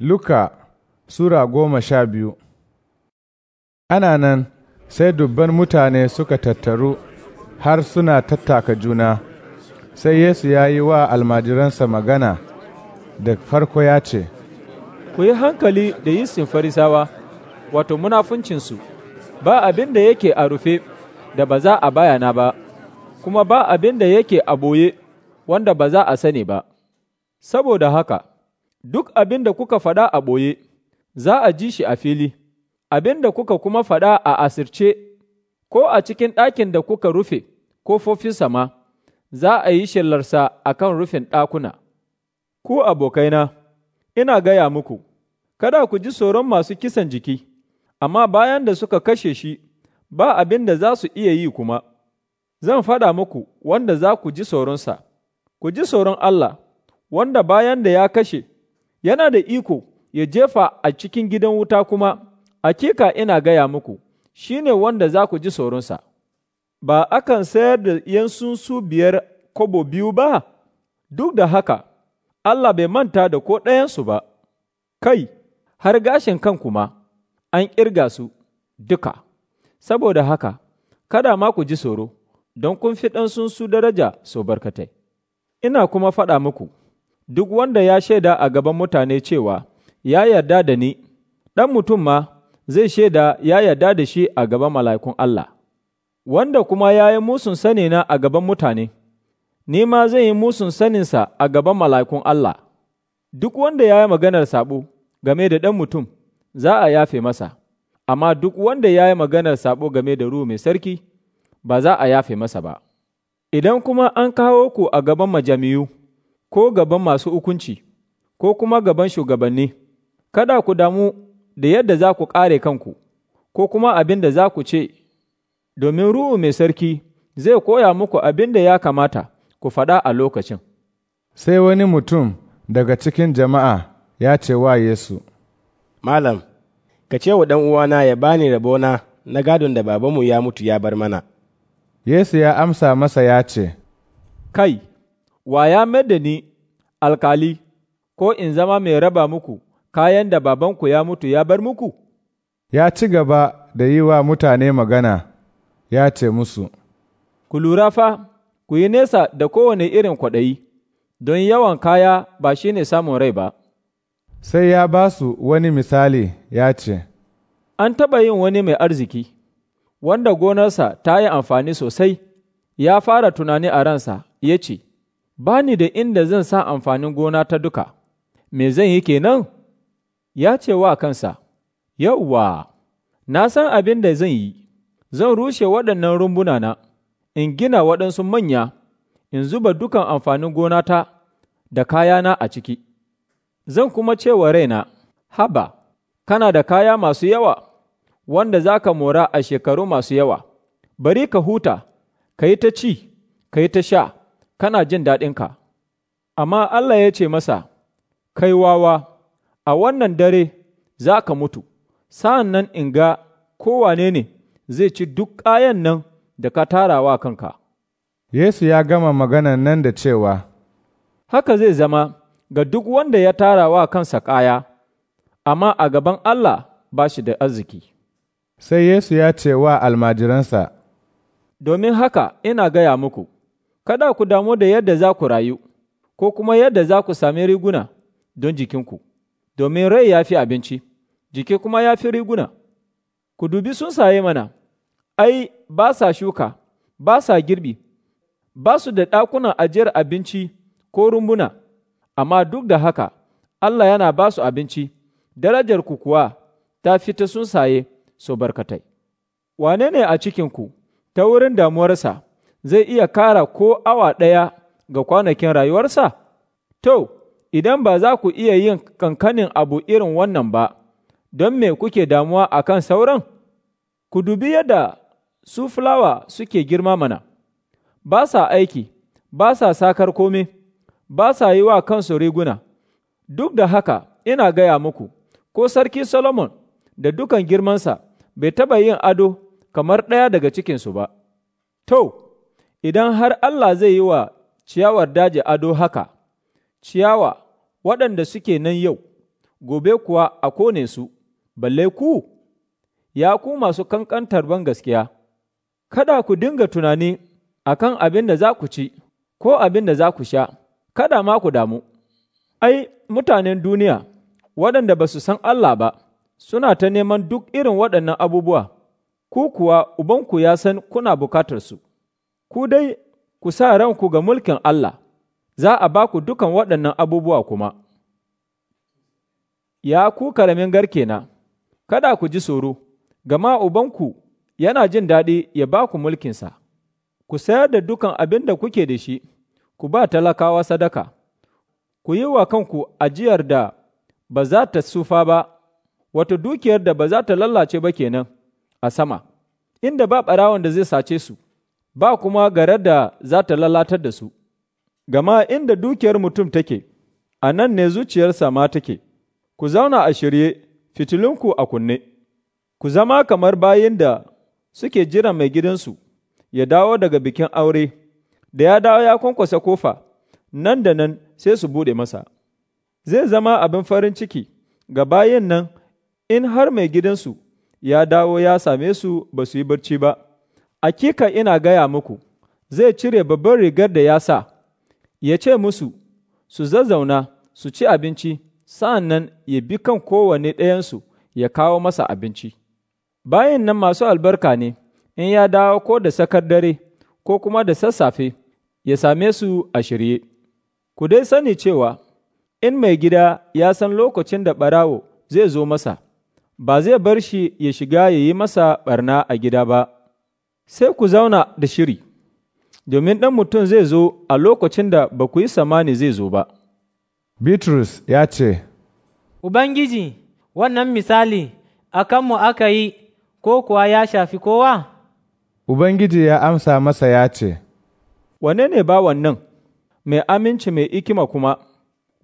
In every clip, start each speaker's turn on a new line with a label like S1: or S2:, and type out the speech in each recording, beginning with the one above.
S1: Luka Sura goma sha biyu Ana nan sai dubban mutane suka tattaru har suna tattaka juna, sai Yesu ya yi wa almajiransa magana da farko ya ce,
S2: Ku yi hankali da yistin farisawa, wato munafuncinsu, ba abin da yake a rufe da ba za a bayana ba, kuma ba abin da yake a boye wanda ba za a sani ba, saboda haka. duk abin da kuka faɗa a ɓoye, za a ji shi a fili, abin da kuka kuma faɗa a asirce, ko a cikin ɗakin da kuka rufe, ko kofofin sama, za a yi shillarsa a kan rufin ɗakuna. Ku abokaina, ina gaya muku, kada ku ji tsoron masu kisan jiki, amma bayan da suka kashe shi, ba abin da za su iya yi kuma. Zan faɗa muku wanda za ku ji tsoronsa, ku ji tsoron Allah, wanda bayan da ya kashe, yana da iko ya jefa a cikin gidan wuta kuma, akika ina gaya muku, shi ne wanda za ku ji tsoronsa. Ba akan sayar da 'yan sunsu biyar kobo biyu ba, duk da haka, Allah bai manta da ko ɗayansu ba, kai, har gashin kan kuma an ƙirga su duka, saboda haka, kada ma ku ji tsoro, don kun fi sunsu daraja so barkatai. Ina kuma faɗa muku. duk wanda ya shaida a gaban mutane cewa ya yarda da ni, ɗan mutum ma zai shaida ya yarda da shi a gaban mala'ikun Allah, wanda kuma ya yi musun sanina a gaban mutane, ni ma zai yi musun saninsa a gaban mala'ikun Allah, duk wanda ya yi maganar saɓo game da ɗan mutum za a yafe masa, amma duk wanda ya yi maganar saɓo game da ruhu mai sarki ba za a yafe masa ba. Idan kuma an kawo ku a gaban majami'u. ko gaban masu hukunci, ko kuma gaban shugabanni, kada ku damu da yadda za ku ƙare kanku, ko kuma abin da za ku ce, domin Ruhu mai sarki zai koya muku abin da ya kamata ku faɗa a lokacin.
S1: Sai wani mutum daga cikin jama'a ya ce wa Yesu, Malam, ka ce wa uwana ya bani rabona na gadon da babanmu ya mutu ya bar mana. Yesu ya amsa masa ya ce, Kai,
S2: wa ya da ni alkali, ko in zama mai raba muku kayan da babanku ya mutu ya bar muku?
S1: Ya ci gaba da yi wa mutane magana, ya ce musu,
S2: Ku lura fa, ku yi nesa da kowane irin kwaɗayi, don yawan kaya ba shi ne samun rai ba.
S1: Sai ya ba su wani misali ya ce,
S2: An taɓa yin wani mai arziki, wanda gonarsa ta yi amfani sosai, ya fara tunani a ransa, ya ce, ba ni da inda zan sa amfanin gona ta duka, me zan yi kenan? Ya ce wa kansa, Yauwa, na san abin da zan yi, zan rushe waɗannan rumbuna na in gina waɗansu manya, in zuba dukan amfanin gona ta da kayana a ciki. Zan kuma ce wa raina, Haba, kana da kaya masu yawa, wanda za ka mora a shekaru masu yawa, bari ka huta, ka yi ta ci, ka yi ta sha. kana jin daɗinka. Amma Allah ya ce masa, Kai wawa, a wannan dare za ka mutu, sa'an nan in ga kowane ne zai ci duk ƙayan nan da ka tarawa kanka.
S1: Yesu ya gama maganan nan da cewa,
S2: Haka zai zama ga duk wanda ya tarawa kansa ƙaya, amma a gaban Allah ba shi da arziki.
S1: Sai Yesu ya ce wa almajiransa,
S2: Domin haka ina gaya muku. kada ku damu da yadda za ku rayu, ko kuma yadda za ku sami riguna don jikinku, domin rai ya fi abinci, jiki kuma ya fi riguna. Ku dubi sun saye mana, ai, ba sa shuka, ba sa girbi, ba su da ɗakunan ajiyar abinci ko rumbuna, amma duk da haka, Allah yana ba su abinci, darajar ku kuwa ta fita sun saye so barkatai. Wane ne a cikinku ta wurin damuwarsa? zai iya kara ko awa ɗaya ga kwanakin rayuwarsa? To, idan ba za ku iya yin kankanin abu irin wannan ba, don me kuke damuwa a kan sauran? Ku dubi yadda su fulawa suke girma mana, ba sa aiki, ba sa sakar kome, ba sa yi wa kansu riguna. Duk da haka, ina gaya muku, ko Sarki Solomon da dukan girmansa bai taɓa yin ado kamar ɗaya daga cikinsu ba. To, idan har Allah zai yi wa ciyawar daji ado haka, ciyawa waɗanda suke nan yau, gobe kuwa a kone su, balle ku, ya ku masu kankantar ban gaskiya, kada ku dinga tunani a kan abin da za ku ci ko abin da za ku sha, kada ma ku damu. Ai, mutanen duniya waɗanda ba su san Allah ba, suna ta neman duk irin waɗannan abubuwa, ku kuwa Ubanku ya san kuna bukatarsu. su. ku dai ku sa ranku ga mulkin Allah, za a ba ku dukan waɗannan abubuwa kuma. Ya ku karamin garke na, kada ku ji tsoro, gama ubanku yana jin daɗi ya ba ku mulkinsa, ku sayar da dukan abin da kuke da shi, ku ba talakawa sadaka, ku yi wa kanku ajiyar da ba za ta sufa ba, wata dukiyar da ba za ta lallace ba kenan a sama, inda ba ɓarawon da zai sace su. ba kuma garar da za ta lalatar da su, gama inda dukiyar mutum take, a nan ne zuciyarsa ma take, ku zauna a shirye, fitilunku a kunne, ku zama kamar bayan da suke jiran mai gidansu ya dawo daga bikin aure, da ya dawo ya kwankwasa kofa, nan da nan sai su buɗe masa. Zai zama abin farin ciki ga bayan nan in har mai gidansu ya dawo ya same su ba su yi barci ba. Akika ina gaya muku, zai cire babban rigar da ya sa, ya ce musu, su zazzauna, su ci abinci, sa'an nan ya bi kan kowane ɗayansu ya kawo masa abinci. Bayan nan masu albarka ne, in ya dawo ko da sakar dare, ko kuma da sassafe, ya same su a shirye. Ku dai sani cewa, in mai gida ya san lokacin da ɓarawo zai zo masa, ba zai bar shi ya shiga ya yi masa ɓarna a gida ba. sai ku zauna da shiri, domin ɗan mutum zai zo a lokacin da ba ku yi samani zai zo ba. Bitrus ya ce, Ubangiji, wannan misali a kanmu aka yi ko kuwa ya shafi
S1: kowa? Ubangiji ya amsa masa ya ce,
S2: Wane ne ba wannan, mai aminci mai ikima kuma,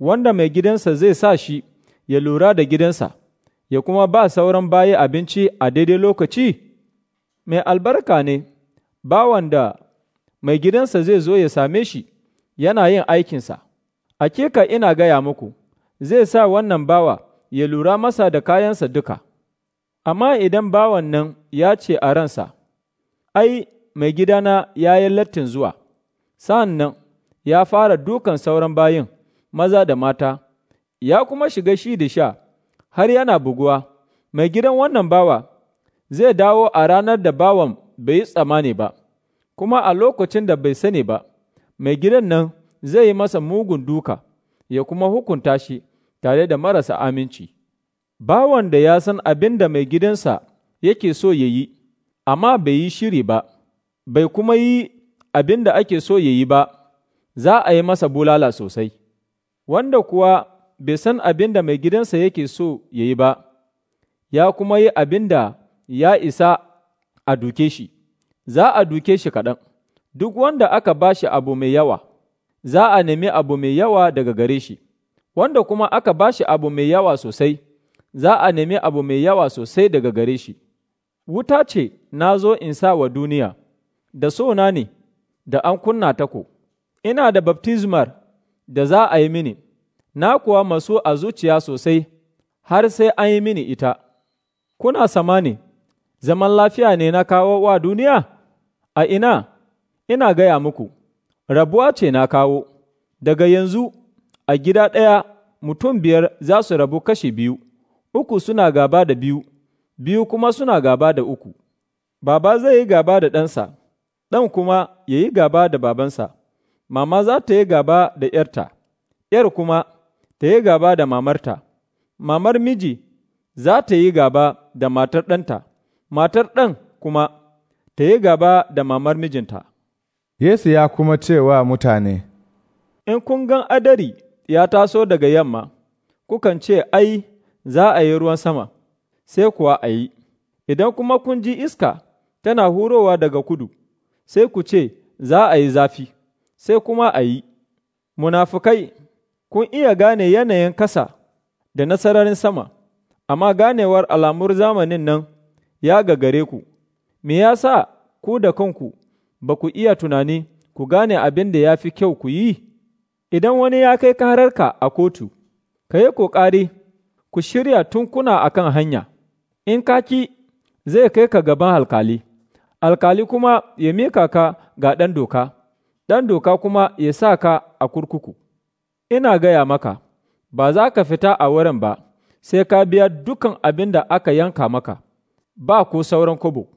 S2: wanda mai gidansa zai sa shi ya lura da gidansa, ya kuma ba sauran bayi abinci a daidai lokaci? mai albarka ne bawan da mai gidansa zai zo ya same shi yana yin aikinsa, akeka ina gaya muku, zai sa wannan bawa ya lura masa da kayansa duka, amma idan bawan nan ya ce a ransa, ai, mai gidana ya yi lattin zuwa, sa'an nan ya fara dukan sauran bayin, maza da mata, ya kuma shiga shi da sha, har yana buguwa, mai gidan wannan bawa zai dawo a ranar da bawan bai yi tsamani ba, kuma a lokacin da bai sani ba, mai gidan nan zai yi masa mugun duka, ya kuma hukunta shi tare da marasa aminci. Bawan da ya san abin da mai gidansa yake so ya yi, amma bai yi shiri ba, bai kuma yi abin da ake so ya yi ba, za a yi masa bulala sosai. Wanda kuwa bai san abin da mai gidansa yake so ya yi ba, ya kuma yi abin da ya isa a duke shi, za a duke shi kaɗan, duk wanda aka ba shi abu mai yawa, za a nemi abu mai yawa daga gare shi, wanda kuma aka ba shi abu mai yawa sosai, za a nemi abu mai yawa sosai daga gare shi. Wuta ce na zo in sa wa duniya, da sona ne, da an kunna tako, ina da baptismar da za a yi mini, na kuwa masu a zuciya sosai, har sai an yi mini ita. Kuna samani. zaman lafiya ne na kawo wa duniya? A ina, ina gaya muku, rabuwa ce na kawo, daga yanzu a gida ɗaya mutum biyar za su rabu kashi biyu, uku suna gaba da biyu, biyu kuma suna gaba da uku. Baba zai yi gaba da ɗansa, ɗan kuma ya yi gaba da babansa, mama za ta yi gaba da ‘yarta, ‘yar kuma ta yi gaba da mamarta, mamar miji za ta yi gaba da matar ɗanta. matar ɗan kuma ta yi gaba da mamar mijinta.
S1: Yesu ya kuma cewa mutane,
S2: In kun gan adari ya taso daga yamma, kukan ce, Ai, za a yi ruwan sama, sai kuwa a yi, idan kuma kun ji iska tana hurowa daga kudu, sai ku ce, Za a yi zafi, sai kuma a yi. Munafukai, kun iya gane yanayin kasa da na sama, amma ganewar alamur zamanin nan ya gagare ku, me ya sa ku da kanku ba ku iya tunani ku gane abin da ya fi kyau ku yi? Idan wani ya kai kararka a kotu, ka yi ƙoƙari ku shirya tunkuna a kan hanya, in kaki zai kai ka gaban alkali, alkali kuma ya mika ka ga ɗan doka, ɗan doka kuma ya sa ka a kurkuku. Ina gaya maka, ba za ka fita a wurin ba, sai ka biya dukan abin da aka yanka maka. ba ko sauran kobo.